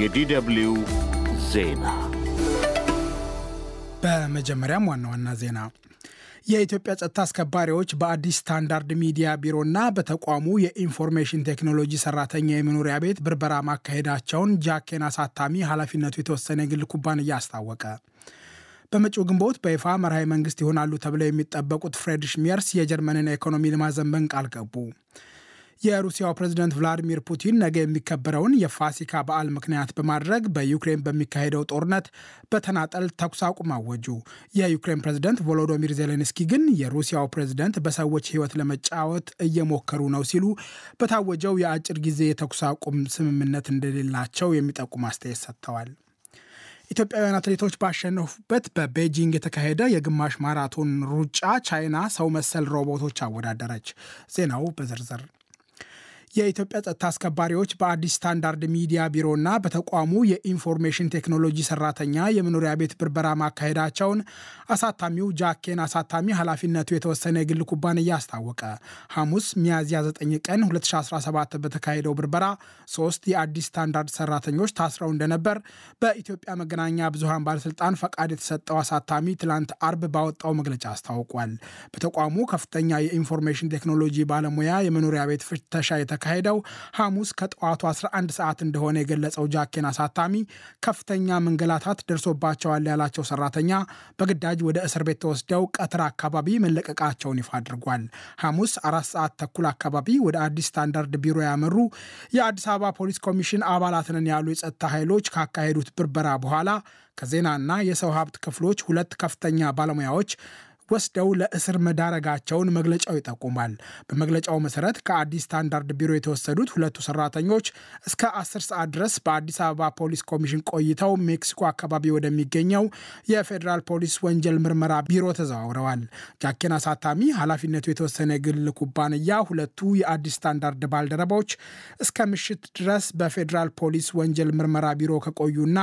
የዲደብሊው ዜና በመጀመሪያም ዋና ዋና ዜና የኢትዮጵያ ጸጥታ አስከባሪዎች በአዲስ ስታንዳርድ ሚዲያ ቢሮና በተቋሙ የኢንፎርሜሽን ቴክኖሎጂ ሰራተኛ የመኖሪያ ቤት ብርበራ ማካሄዳቸውን ጃኬን አሳታሚ ኃላፊነቱ የተወሰነ የግል ኩባንያ አስታወቀ። በመጪው ግንቦት በይፋ መርሃዊ መንግስት ይሆናሉ ተብለው የሚጠበቁት ፍሬድሪሽ ሜርስ የጀርመንን ኢኮኖሚ ለማዘመን ቃል ገቡ። የሩሲያው ፕሬዝደንት ቭላዲሚር ፑቲን ነገ የሚከበረውን የፋሲካ በዓል ምክንያት በማድረግ በዩክሬን በሚካሄደው ጦርነት በተናጠል ተኩስ አቁም አወጁ። የዩክሬን ፕሬዝደንት ቮሎዶሚር ዜሌንስኪ ግን የሩሲያው ፕሬዝደንት በሰዎች ሕይወት ለመጫወት እየሞከሩ ነው ሲሉ በታወጀው የአጭር ጊዜ የተኩስ አቁም ስምምነት እንደሌላቸው የሚጠቁም አስተያየት ሰጥተዋል። ኢትዮጵያውያን አትሌቶች ባሸነፉበት በቤጂንግ የተካሄደ የግማሽ ማራቶን ሩጫ ቻይና ሰው መሰል ሮቦቶች አወዳደረች። ዜናው በዝርዝር የኢትዮጵያ ጸጥታ አስከባሪዎች በአዲስ ስታንዳርድ ሚዲያ ቢሮና በተቋሙ የኢንፎርሜሽን ቴክኖሎጂ ሰራተኛ የመኖሪያ ቤት ብርበራ ማካሄዳቸውን አሳታሚው ጃኬን አሳታሚ ኃላፊነቱ የተወሰነ የግል ኩባንያ አስታወቀ። ሐሙስ ሚያዝያ 9 ቀን 2017 በተካሄደው ብርበራ ሶስት የአዲስ ስታንዳርድ ሰራተኞች ታስረው እንደነበር በኢትዮጵያ መገናኛ ብዙሃን ባለስልጣን ፈቃድ የተሰጠው አሳታሚ ትላንት አርብ ባወጣው መግለጫ አስታውቋል። በተቋሙ ከፍተኛ የኢንፎርሜሽን ቴክኖሎጂ ባለሙያ የመኖሪያ ቤት ፍተሻ የተካሄደው ሐሙስ ከጠዋቱ 11 ሰዓት እንደሆነ የገለጸው ጃኬን አሳታሚ ከፍተኛ መንገላታት ደርሶባቸዋል ያላቸው ሰራተኛ በግዳጅ ወደ እስር ቤት ተወስደው ቀትር አካባቢ መለቀቃቸውን ይፋ አድርጓል። ሐሙስ አራት ሰዓት ተኩል አካባቢ ወደ አዲስ ስታንዳርድ ቢሮ ያመሩ የአዲስ አበባ ፖሊስ ኮሚሽን አባላትንን ያሉ የጸጥታ ኃይሎች ካካሄዱት ብርበራ በኋላ ከዜናና የሰው ሀብት ክፍሎች ሁለት ከፍተኛ ባለሙያዎች ወስደው ለእስር መዳረጋቸውን መግለጫው ይጠቁማል። በመግለጫው መሰረት ከአዲስ ስታንዳርድ ቢሮ የተወሰዱት ሁለቱ ሰራተኞች እስከ አስር ሰዓት ድረስ በአዲስ አበባ ፖሊስ ኮሚሽን ቆይተው ሜክሲኮ አካባቢ ወደሚገኘው የፌዴራል ፖሊስ ወንጀል ምርመራ ቢሮ ተዘዋውረዋል። ጃኬን አሳታሚ ኃላፊነቱ የተወሰነ ግል ኩባንያ ሁለቱ የአዲስ ስታንዳርድ ባልደረባዎች እስከ ምሽት ድረስ በፌዴራል ፖሊስ ወንጀል ምርመራ ቢሮ ከቆዩና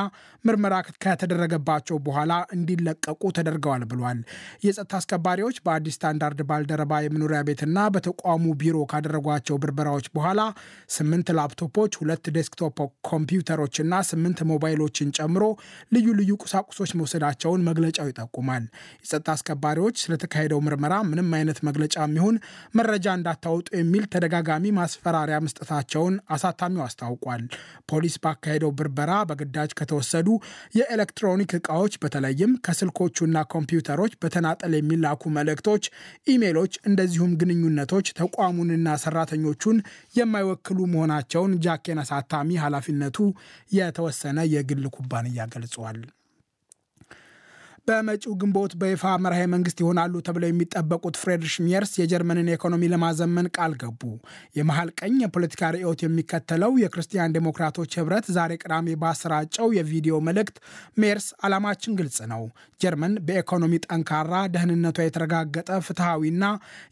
ምርመራ ከተደረገባቸው በኋላ እንዲለቀቁ ተደርገዋል ብሏል። የጸጥታ አስከባሪዎች በአዲስ ስታንዳርድ ባልደረባ የመኖሪያ ቤትና በተቋሙ ቢሮ ካደረጓቸው ብርበራዎች በኋላ ስምንት ላፕቶፖች፣ ሁለት ዴስክቶፕ ኮምፒውተሮችና ስምንት ሞባይሎችን ጨምሮ ልዩ ልዩ ቁሳቁሶች መውሰዳቸውን መግለጫው ይጠቁማል። የጸጥታ አስከባሪዎች ስለተካሄደው ምርመራ ምንም አይነት መግለጫ የሚሆን መረጃ እንዳታወጡ የሚል ተደጋጋሚ ማስፈራሪያ መስጠታቸውን አሳታሚው አስታውቋል። ፖሊስ ባካሄደው ብርበራ በግዳጅ ከተወሰዱ የኤሌክትሮኒክ እቃዎች በተለይም ከስልኮቹና ኮምፒውተሮች በተናጠል የሚላኩ መልእክቶች፣ ኢሜሎች፣ እንደዚሁም ግንኙነቶች ተቋሙንና ሰራተኞቹን የማይወክሉ መሆናቸውን ጃኬን አሳታሚ ኃላፊነቱ የተወሰነ የግል ኩባንያ ገልጿል። በመጪው ግንቦት በይፋ መርሃ መንግስት ይሆናሉ ተብለው የሚጠበቁት ፍሬድሪሽ ሚየርስ የጀርመንን ኢኮኖሚ ለማዘመን ቃል ገቡ። የመሀል ቀኝ የፖለቲካ ርዕዮት የሚከተለው የክርስቲያን ዴሞክራቶች ህብረት ዛሬ ቅዳሜ ባሰራጨው የቪዲዮ መልእክት ሜርስ ዓላማችን ግልጽ ነው፣ ጀርመን በኢኮኖሚ ጠንካራ፣ ደህንነቷ የተረጋገጠ ፍትሐዊና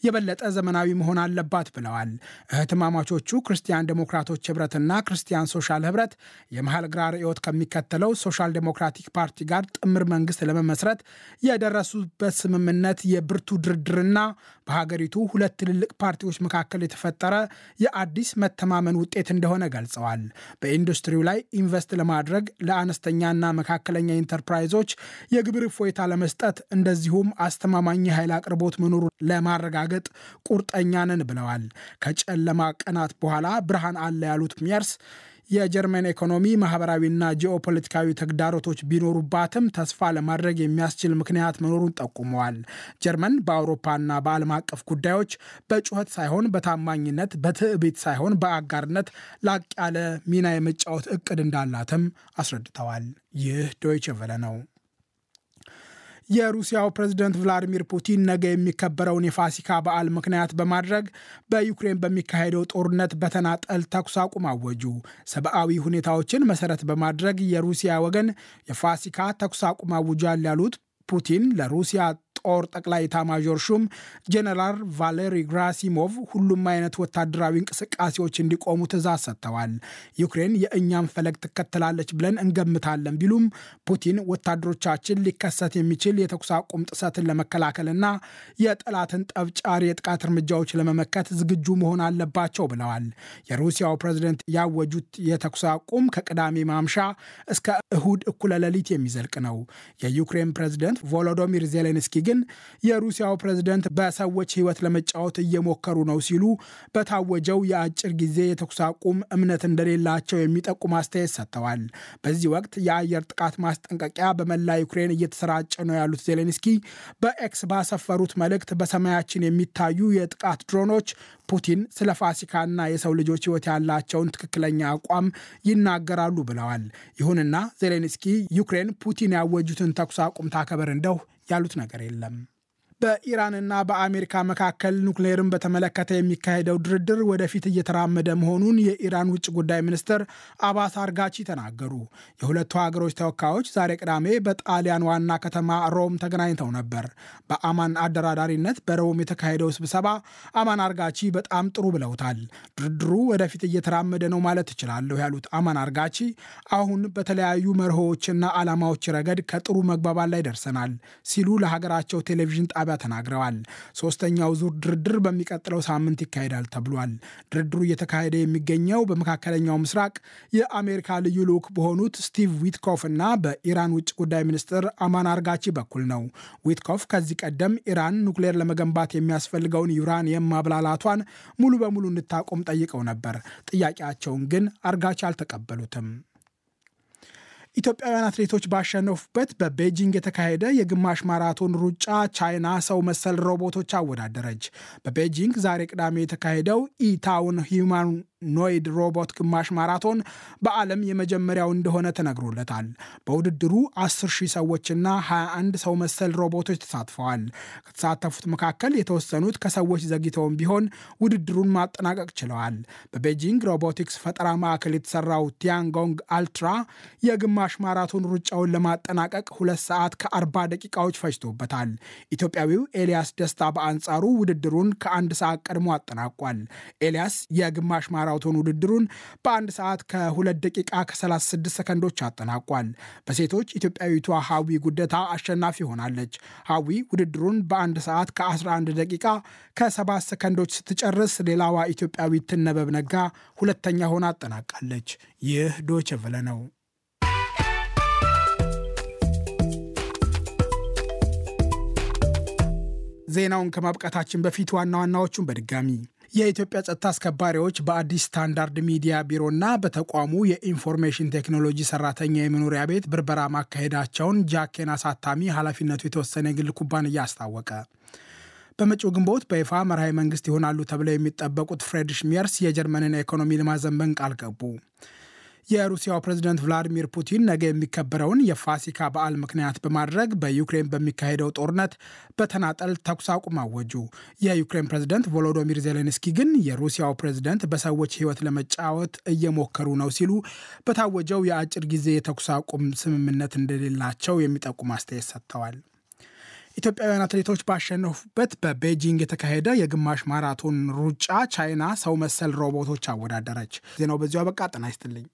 የበለጠ ዘመናዊ መሆን አለባት ብለዋል። እህትማማቾቹ ክርስቲያን ዴሞክራቶች ህብረትና ክርስቲያን ሶሻል ህብረት የመሀል ግራ ርዕዮት ከሚከተለው ሶሻል ዴሞክራቲክ ፓርቲ ጋር ጥምር መንግስት ለመመስረት ለመመስረት የደረሱበት ስምምነት የብርቱ ድርድርና በሀገሪቱ ሁለት ትልልቅ ፓርቲዎች መካከል የተፈጠረ የአዲስ መተማመን ውጤት እንደሆነ ገልጸዋል። በኢንዱስትሪው ላይ ኢንቨስት ለማድረግ ለአነስተኛና መካከለኛ ኢንተርፕራይዞች የግብር እፎይታ ለመስጠት እንደዚሁም አስተማማኝ የኃይል አቅርቦት መኖሩ ለማረጋገጥ ቁርጠኛ ነን ብለዋል። ከጨለማ ቀናት በኋላ ብርሃን አለ ያሉት ሚየርስ የጀርመን ኢኮኖሚ ማህበራዊና ጂኦፖለቲካዊ ተግዳሮቶች ቢኖሩባትም ተስፋ ለማድረግ የሚያስችል ምክንያት መኖሩን ጠቁመዋል። ጀርመን በአውሮፓና በዓለም አቀፍ ጉዳዮች በጩኸት ሳይሆን በታማኝነት፣ በትዕቢት ሳይሆን በአጋርነት ላቅ ያለ ሚና የመጫወት እቅድ እንዳላትም አስረድተዋል። ይህ ዶይቸ ቨለ ነው። የሩሲያው ፕሬዝደንት ቭላዲሚር ፑቲን ነገ የሚከበረውን የፋሲካ በዓል ምክንያት በማድረግ በዩክሬን በሚካሄደው ጦርነት በተናጠል ተኩስ አቁም አወጁ። ሰብአዊ ሁኔታዎችን መሰረት በማድረግ የሩሲያ ወገን የፋሲካ ተኩስ አቁም አውጇል ያሉት ፑቲን ለሩሲያ ጦር ጠቅላይ ታማዦር ሹም ጀነራል ቫሌሪ ግራሲሞቭ ሁሉም አይነት ወታደራዊ እንቅስቃሴዎች እንዲቆሙ ትእዛዝ ሰጥተዋል። ዩክሬን የእኛም ፈለግ ትከተላለች ብለን እንገምታለን ቢሉም ፑቲን ወታደሮቻችን ሊከሰት የሚችል የተኩስ አቁም ጥሰትን ለመከላከልና የጠላትን ጠብጫሪ የጥቃት እርምጃዎች ለመመከት ዝግጁ መሆን አለባቸው ብለዋል። የሩሲያው ፕሬዝደንት ያወጁት የተኩስ አቁም ከቅዳሜ ማምሻ እስከ እሁድ እኩለ ሌሊት የሚዘልቅ ነው። የዩክሬን ፕሬዝደንት ቮሎዶሚር ዜሌንስኪ ግን ግን የሩሲያው ፕሬዝደንት በሰዎች ህይወት ለመጫወት እየሞከሩ ነው ሲሉ በታወጀው የአጭር ጊዜ የተኩስ አቁም እምነት እንደሌላቸው የሚጠቁም አስተያየት ሰጥተዋል። በዚህ ወቅት የአየር ጥቃት ማስጠንቀቂያ በመላ ዩክሬን እየተሰራጨ ነው ያሉት ዜሌንስኪ በኤክስ ባሰፈሩት መልእክት በሰማያችን የሚታዩ የጥቃት ድሮኖች ፑቲን ስለ ፋሲካና የሰው ልጆች ህይወት ያላቸውን ትክክለኛ አቋም ይናገራሉ ብለዋል። ይሁንና ዜሌንስኪ ዩክሬን ፑቲን ያወጁትን ተኩስ አቁም ታከበር እንደው ያሉት ነገር የለም። በኢራንና በአሜሪካ መካከል ኑክሌርን በተመለከተ የሚካሄደው ድርድር ወደፊት እየተራመደ መሆኑን የኢራን ውጭ ጉዳይ ሚኒስትር አባስ አርጋቺ ተናገሩ። የሁለቱ ሀገሮች ተወካዮች ዛሬ ቅዳሜ በጣሊያን ዋና ከተማ ሮም ተገናኝተው ነበር። በአማን አደራዳሪነት በሮም የተካሄደው ስብሰባ አማን አርጋቺ በጣም ጥሩ ብለውታል። ድርድሩ ወደፊት እየተራመደ ነው ማለት እችላለሁ ያሉት አማን አርጋቺ አሁን በተለያዩ መርሆዎችና ዓላማዎች ረገድ ከጥሩ መግባባት ላይ ደርሰናል ሲሉ ለሀገራቸው ቴሌቪዥን ጣቢያ ጣቢያ ተናግረዋል። ሶስተኛው ዙር ድርድር በሚቀጥለው ሳምንት ይካሄዳል ተብሏል። ድርድሩ እየተካሄደ የሚገኘው በመካከለኛው ምስራቅ የአሜሪካ ልዩ ልዑክ በሆኑት ስቲቭ ዊትኮፍ እና በኢራን ውጭ ጉዳይ ሚኒስትር አማን አርጋቺ በኩል ነው። ዊትኮፍ ከዚህ ቀደም ኢራን ኑክሌር ለመገንባት የሚያስፈልገውን ዩራኒየም ማብላላቷን ሙሉ በሙሉ እንድታቆም ጠይቀው ነበር። ጥያቄያቸውን ግን አርጋቺ አልተቀበሉትም። ኢትዮጵያውያን አትሌቶች ባሸነፉበት በቤጂንግ የተካሄደ የግማሽ ማራቶን ሩጫ ቻይና ሰው መሰል ሮቦቶች አወዳደረች። በቤጂንግ ዛሬ ቅዳሜ የተካሄደው ኢታውን ማን ኖይድ ሮቦት ግማሽ ማራቶን በዓለም የመጀመሪያው እንደሆነ ተነግሮለታል። በውድድሩ 10 ሺህ ሰዎችና 21 ሰው መሰል ሮቦቶች ተሳትፈዋል። ከተሳተፉት መካከል የተወሰኑት ከሰዎች ዘግይተውም ቢሆን ውድድሩን ማጠናቀቅ ችለዋል። በቤጂንግ ሮቦቲክስ ፈጠራ ማዕከል የተሰራው ቲያንጎንግ አልትራ የግማሽ ማራቶን ሩጫውን ለማጠናቀቅ ሁለት ሰዓት ከ ከ40 ደቂቃዎች ፈጅቶበታል። ኢትዮጵያዊው ኤልያስ ደስታ በአንጻሩ ውድድሩን ከአንድ ሰዓት ቀድሞ አጠናቋል። ኤልያስ የግማሽ ማራቶን ውድድሩን በአንድ ሰዓት ከሁለት ደቂቃ ከ36 ሰከንዶች አጠናቋል። በሴቶች ኢትዮጵያዊቷ ሀዊ ጉደታ አሸናፊ ሆናለች። ሀዊ ውድድሩን በአንድ ሰዓት ከ11 ደቂቃ ከ7 ሰከንዶች ስትጨርስ ሌላዋ ኢትዮጵያዊት ትነበብ ነጋ ሁለተኛ ሆና አጠናቃለች። ይህ ዶይቼ ቬለ ነው። ዜናውን ከማብቃታችን በፊት ዋና ዋናዎቹን በድጋሚ የኢትዮጵያ ጸጥታ አስከባሪዎች በአዲስ ስታንዳርድ ሚዲያ ቢሮና በተቋሙ የኢንፎርሜሽን ቴክኖሎጂ ሰራተኛ የመኖሪያ ቤት ብርበራ ማካሄዳቸውን ጃኬን አሳታሚ ኃላፊነቱ የተወሰነ የግል ኩባንያ አስታወቀ። በመጪው ግንቦት በይፋ መርሃዊ መንግስት ይሆናሉ ተብለው የሚጠበቁት ፍሬድሽ ሜርስ የጀርመንን ኢኮኖሚ ለማዘንበን ቃል ገቡ። የሩሲያው ፕሬዝደንት ቭላዲሚር ፑቲን ነገ የሚከበረውን የፋሲካ በዓል ምክንያት በማድረግ በዩክሬን በሚካሄደው ጦርነት በተናጠል ተኩስ አቁም አወጁ። የዩክሬን ፕሬዝደንት ቮሎዶሚር ዜሌንስኪ ግን የሩሲያው ፕሬዝደንት በሰዎች ሕይወት ለመጫወት እየሞከሩ ነው ሲሉ በታወጀው የአጭር ጊዜ የተኩስ አቁም ስምምነት እንደሌላቸው የሚጠቁም አስተያየት ሰጥተዋል። ኢትዮጵያውያን አትሌቶች ባሸነፉበት በቤጂንግ የተካሄደ የግማሽ ማራቶን ሩጫ ቻይና ሰው መሰል ሮቦቶች አወዳደረች። ዜናው በዚሁ አበቃ። ጤና ይስጥልኝ።